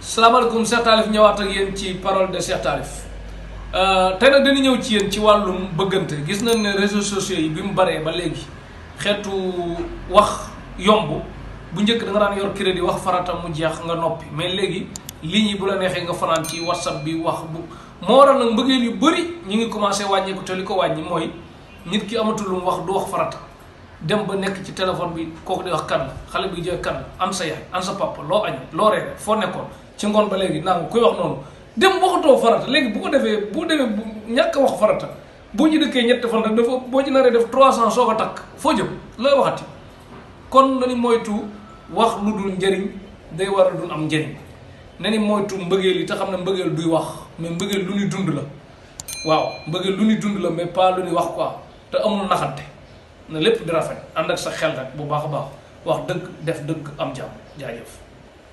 salaamaaleykum Cheikh Talif ñëwaat ak yéen ci parole de Cheikh Talif euh, tey nag dañu ñëw ci yéen ci wàllum bëggante gis nañ ne réseaux sociaux yi bi mu baree ba léegi xeetu wax yomb bu njëkk da nga daan yor crédit wax farata mu jeex nga noppi mais léegi lignes yi bu la neexee nga fanaan ci whatsapp bi wax bu moo waral nag mbëggeel yu bëri ñu ngi commencé wàññeeku te li ko wàññi mooy nit ki amatul lu mu wax du wax farata. dem ba nekk ci téléphone bi kooku di wax kan la xale bi jooy kan la am sa yaay am sa papa loo añ loo reere foo nekkoon ci ngoon ba léegi naa koy wax noonu dem waxatoo farata léegi bu ko defee bu demee bu ñàkk wax farata boo ñu dëkkee ñetti fan rek dafa boo ci naree def trois cent soo ko takk foo jëm looy waxati kon nani moytu wax lu dul njëriñ day war a dul am njëriñ nani moytu mbëggeel yi te xam ne mbëggeel duy wax mais mbëggeel lu ñuy dund la waaw mbëggeel lu ñuy dund la mais pas lu ñuy wax quoi te amul naxante na lépp di rafet ànd ak sa xel rek bu baax a baax wax dëgg def dëgg am jàmm jaajëf